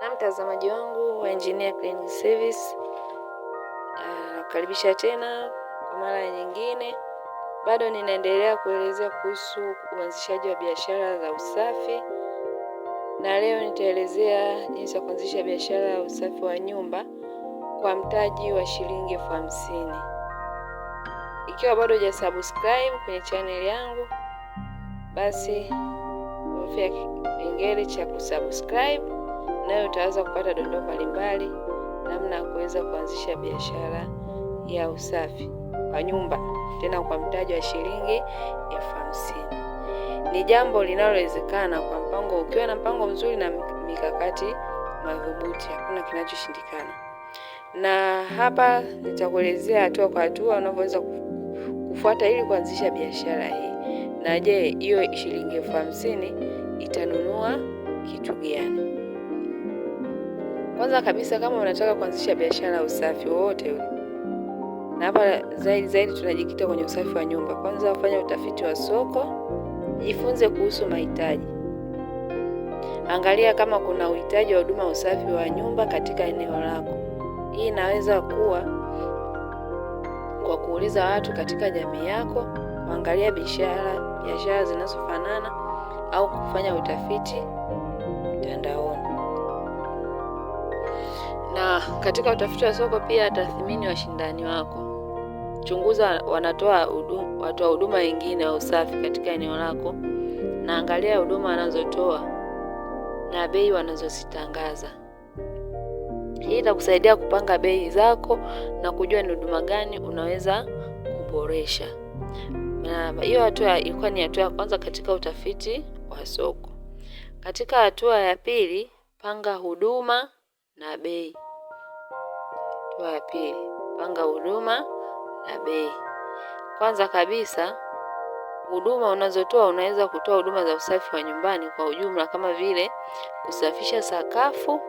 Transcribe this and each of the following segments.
Na mtazamaji wangu wa Engineer Cleaning Service, eh, nakukaribisha tena kwa mara nyingine. Bado ninaendelea kuelezea kuhusu uanzishaji wa biashara za usafi, na leo nitaelezea jinsi ya kuanzisha biashara ya usafi wa nyumba kwa mtaji wa shilingi elfu hamsini. Ikiwa bado hujasubscribe kwenye chaneli yangu, basi bofya kengele cha kusubscribe nayo utaweza kupata dondoo mbalimbali, namna ya kuweza kuanzisha biashara ya usafi wa nyumba, tena kwa mtaji wa shilingi elfu hamsini. Ni jambo linalowezekana kwa mpango, ukiwa na mpango mzuri na mikakati madhubuti, hakuna kinachoshindikana. Na hapa nitakuelezea hatua kwa hatua unavyoweza kufuata ili kuanzisha biashara hii. Na je, hiyo shilingi elfu hamsini itanunua kitu gani? Kwanza kabisa kama unataka kuanzisha biashara ya usafi wowote ule, na hapa zaidi zaidi tunajikita kwenye usafi wa nyumba. Kwanza wafanya utafiti wa soko, jifunze kuhusu mahitaji, angalia kama kuna uhitaji wa huduma usafi wa nyumba katika eneo lako. Hii inaweza kuwa kwa kuuliza watu katika jamii yako, kuangalia biashara biashara zinazofanana, au kufanya utafiti mtandaoni. Na katika utafiti wa soko pia tathmini washindani wako. Chunguza wanatoa watoa huduma wengine wa usafi katika eneo lako, na angalia huduma wanazotoa na bei wanazozitangaza. Hii itakusaidia kupanga bei zako na kujua ni huduma gani unaweza kuboresha. Na hiyo hatua ilikuwa ni hatua ya kwanza katika utafiti wa soko. Katika hatua ya pili, panga huduma na bei. Hatua ya pili, panga huduma na bei. Kwanza kabisa, huduma unazotoa, unaweza kutoa huduma za usafi wa nyumbani kwa ujumla, kama vile kusafisha sakafu,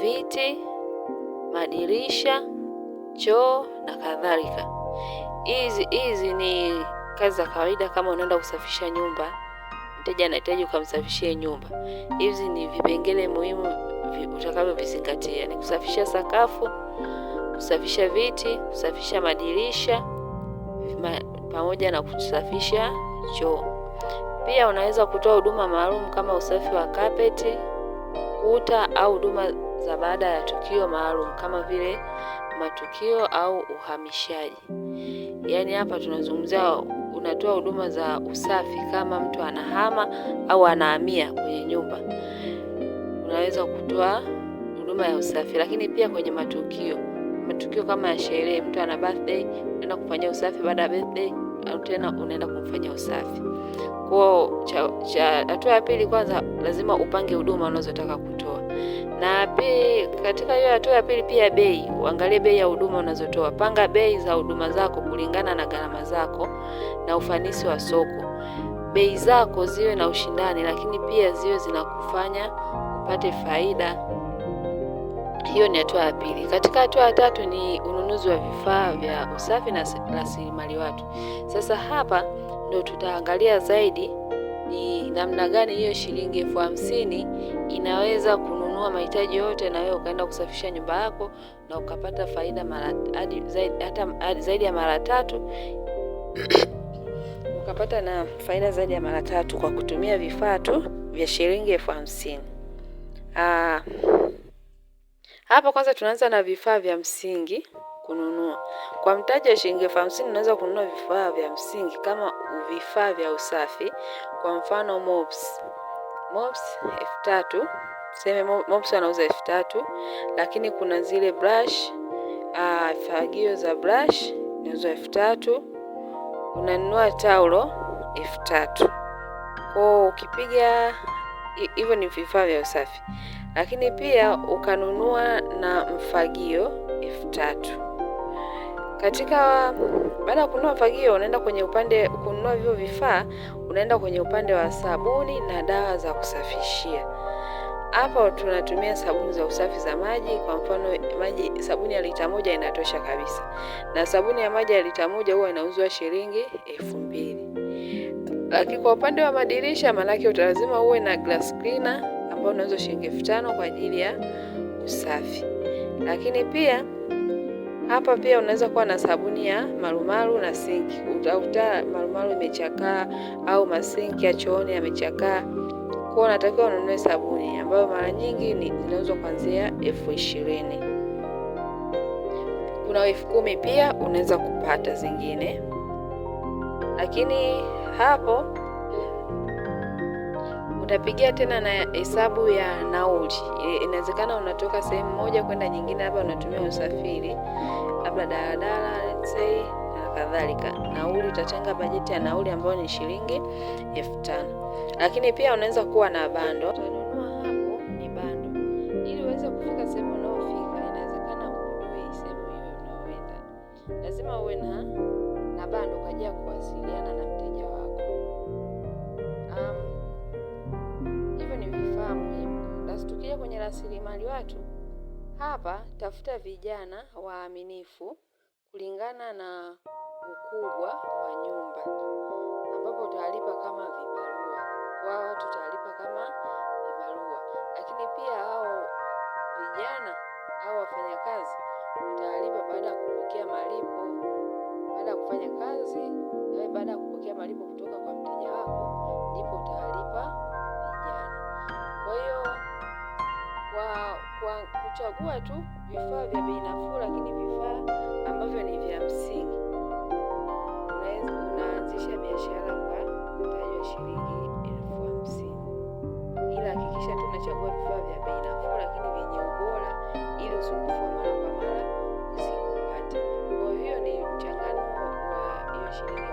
viti, madirisha, choo na kadhalika. Hizi hizi ni kazi za kawaida. Kama unaenda kusafisha nyumba, mteja anahitaji ukamsafishie nyumba, hizi ni vipengele muhimu utakavyovizingatia ni kusafisha sakafu, kusafisha viti, kusafisha madirisha ma, pamoja na kusafisha choo. Pia unaweza kutoa huduma maalum kama usafi wa kapeti, kuta au huduma za baada ya tukio maalum kama vile matukio au uhamishaji. Yaani hapa tunazungumzia unatoa huduma za usafi kama mtu anahama au anahamia kwenye nyumba unaweza kutoa huduma ya usafi. Lakini pia kwenye matukio, matukio kama ya sherehe, mtu ana birthday, unaenda kufanyia usafi baada ya birthday au tena unaenda kumfanyia usafi. Kwa cha hatua ya pili, kwanza lazima upange huduma unazotaka kutoa, na pili, katika hiyo hatua ya pili pia bei, uangalie bei ya huduma unazotoa. Panga bei za huduma zako kulingana na gharama zako na ufanisi wa soko. Bei zako ziwe na ushindani, lakini pia ziwe zinakufanya apate faida. Hiyo ni hatua ya pili. Katika hatua ya tatu ni ununuzi wa vifaa vya usafi na rasilimali watu. Sasa hapa ndo tutaangalia zaidi ni namna gani hiyo shilingi elfu hamsini inaweza kununua mahitaji yote, na wewe ukaenda kusafisha nyumba yako na ukapata faida mara hadi zaidi, hata zaidi ya mara tatu ukapata na faida zaidi ya mara tatu kwa kutumia vifaa tu vya shilingi elfu hamsini. Ah, hapa kwanza tunaanza na vifaa vya msingi kununua. Kwa mtaji wa shilingi elfu hamsini unaweza kununua vifaa vya msingi kama vifaa vya usafi, kwa mfano mops. Mops elfu tatu tuseme mops anauza elfu tatu lakini kuna zile brush uh, fagio za brush inauzwa elfu tatu unanunua taulo elfu tatu Kwa ukipiga hivyo ni vifaa vya usafi, lakini pia ukanunua na mfagio elfu tatu. Katika baada ya kununua mfagio, unaenda kwenye upande kununua hivyo vifaa, unaenda kwenye upande wa sabuni na dawa za kusafishia. Hapa tunatumia sabuni za usafi za maji. Kwa mfano, maji sabuni ya lita moja inatosha kabisa, na sabuni ya maji ya lita moja huwa inauzwa shilingi elfu mbili. Lakini kwa upande wa madirisha, maanake utalazima uwe na glass cleaner ambao unaweza shilingi elfu tano kwa ajili ya usafi. Lakini pia hapa pia unaweza kuwa na sabuni ya marumaru na sinki. Utakuta marumaru imechakaa au masinki ya chooni yamechakaa, kwa unatakiwa ununue sabuni ambayo mara nyingi ni zinauzwa kuanzia elfu ishirini kuna elfu kumi pia unaweza kupata zingine, lakini hapo utapigia tena na hesabu ya nauli. Inawezekana unatoka sehemu moja kwenda nyingine, labda unatumia usafiri, labda daladala let's say na kadhalika. Nauli utatenga bajeti ya nauli ambayo ni shilingi elfu tano, lakini pia unaweza kuwa na bando lazima uwe na na bando kwa ajili ya kuwasiliana na mteja wako. rasilimali watu? Hapa tafuta vijana waaminifu kulingana na ukubwa wa nyumba, ambapo utawalipa kama vibarua, wao tutawalipa kama vibarua. Lakini pia hao vijana au wafanyakazi utawalipa baada ya kupokea malipo, baada ya kufanya kazi nawe, baada ya kupokea malipo kutoka kwa mteja wako, ndipo utawalipa vijana. Kwa hiyo kwa, kwa kuchagua tu vifaa vya bei nafuu, lakini vifaa ambavyo ni vya msingi. Unaanzisha biashara kwa mtaji wa shilingi elfu hamsini ila hakikisha tu unachagua vifaa vya bei nafuu, lakini vyenye ubora, ili usumbufu mara kwa mara usikupate. Kwa hiyo ni mchanganuo wa hiyo shilingi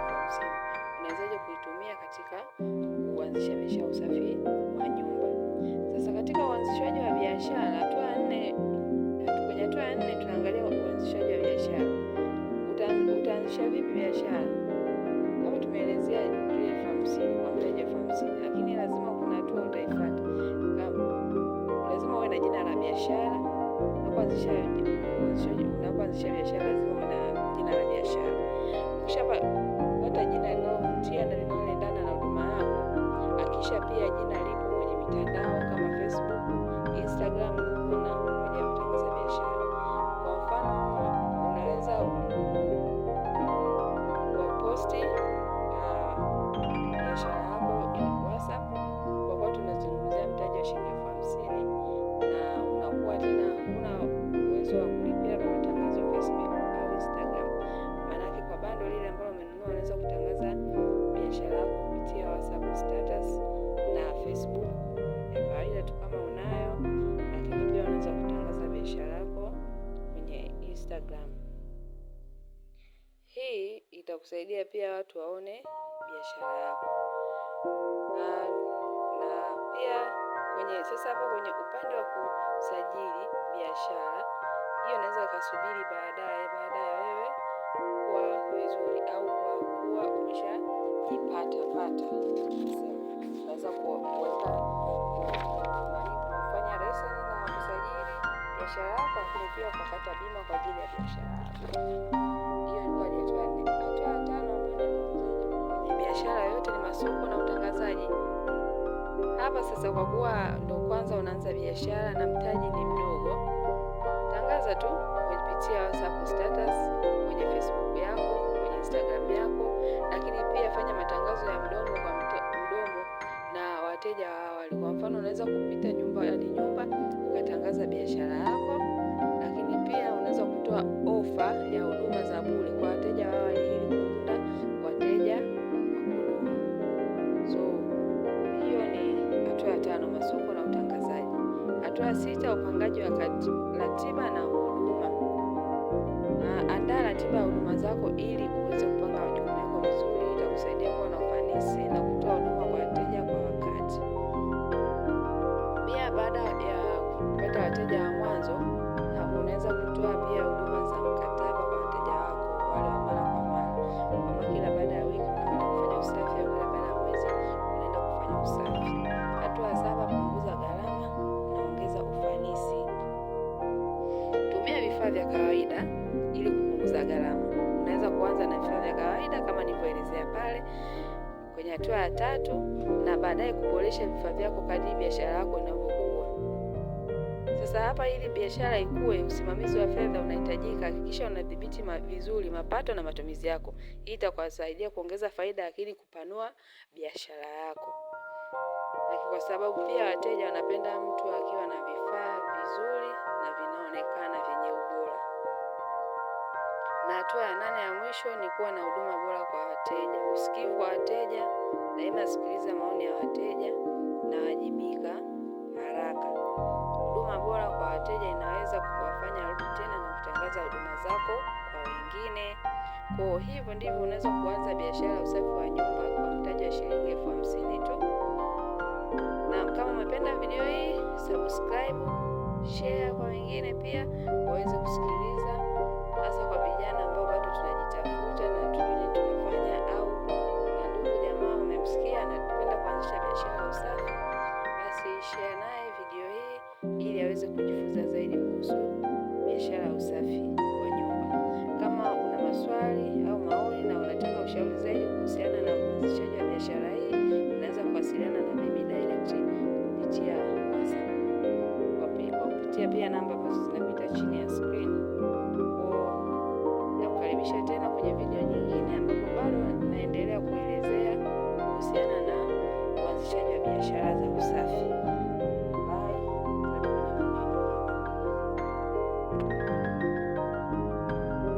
biashara. Unapoanzisha biashara lazima uwe na jina la biashara. kusaidia pia watu waone biashara yako na, na pia kwenye sasa hapo kwenye upande wa kusajili biashara hiyo naweza ikasubiri baadaye baada ya wewe kuwa vizuri au kwa kuwa umeshajipata pata, unaweza kuweka kufanya leseni biashara yako, lakini pia ukapata bima kwa ajili ya biashara yako. Hiyo ilikuwa ni hatua ya nne. Hatua ya tano ni biashara yote ni masoko na utangazaji. Hapa sasa, kwa kuwa ndo kwanza unaanza biashara na mtaji ni mdogo, tangaza tu kupitia WhatsApp status, kwenye Facebook yako, kwenye Instagram yako, lakini pia fanya matangazo ya mdomo kwa mdomo na wateja wa awali. Kwa mfano, unaweza kupita nyumba hadi yaani nyumba unatangaza biashara yako, lakini pia unaweza kutoa ofa ya huduma za bure kwa wateja wao awali ili kuunda wateja wakudumu. So hiyo ni hatua ya tano, masoko na utangazaji. Hatua ya sita, upangaji wa ratiba na huduma. Ah, andaa ratiba ya huduma zako ili vifaa vya kawaida ili kupunguza gharama. Unaweza kuanza na vifaa vya kawaida kama nilivyoelezea pale kwenye hatua ya tatu, na baadaye kuboresha vifaa vyako kadri biashara yako inavyokuwa. Sasa hapa, ili biashara ikue, usimamizi wa fedha unahitajika. Hakikisha unadhibiti vizuri mapato na matumizi yako. Hii itakusaidia kuongeza faida, lakini kupanua biashara yako, na kwa sababu pia wateja wanapenda mtu Hatua ya nane ya mwisho ni kuwa na huduma bora kwa wateja. Usikivu kwa wateja, daima sikiliza maoni ya wateja na wajibika haraka. Huduma bora kwa wateja inaweza kuwafanya warudi tena na kutangaza huduma zako kwa wengine. Kwa hivyo ndivyo unaweza kuanza biashara ya usafi wa nyumba kwa mtaji wa shilingi elfu hamsini tu. Na kama umependa video hii, subscribe, share kwa wengine pia waweze kusikiliza. ನನ್ನ ನಂಬ ಬಸ್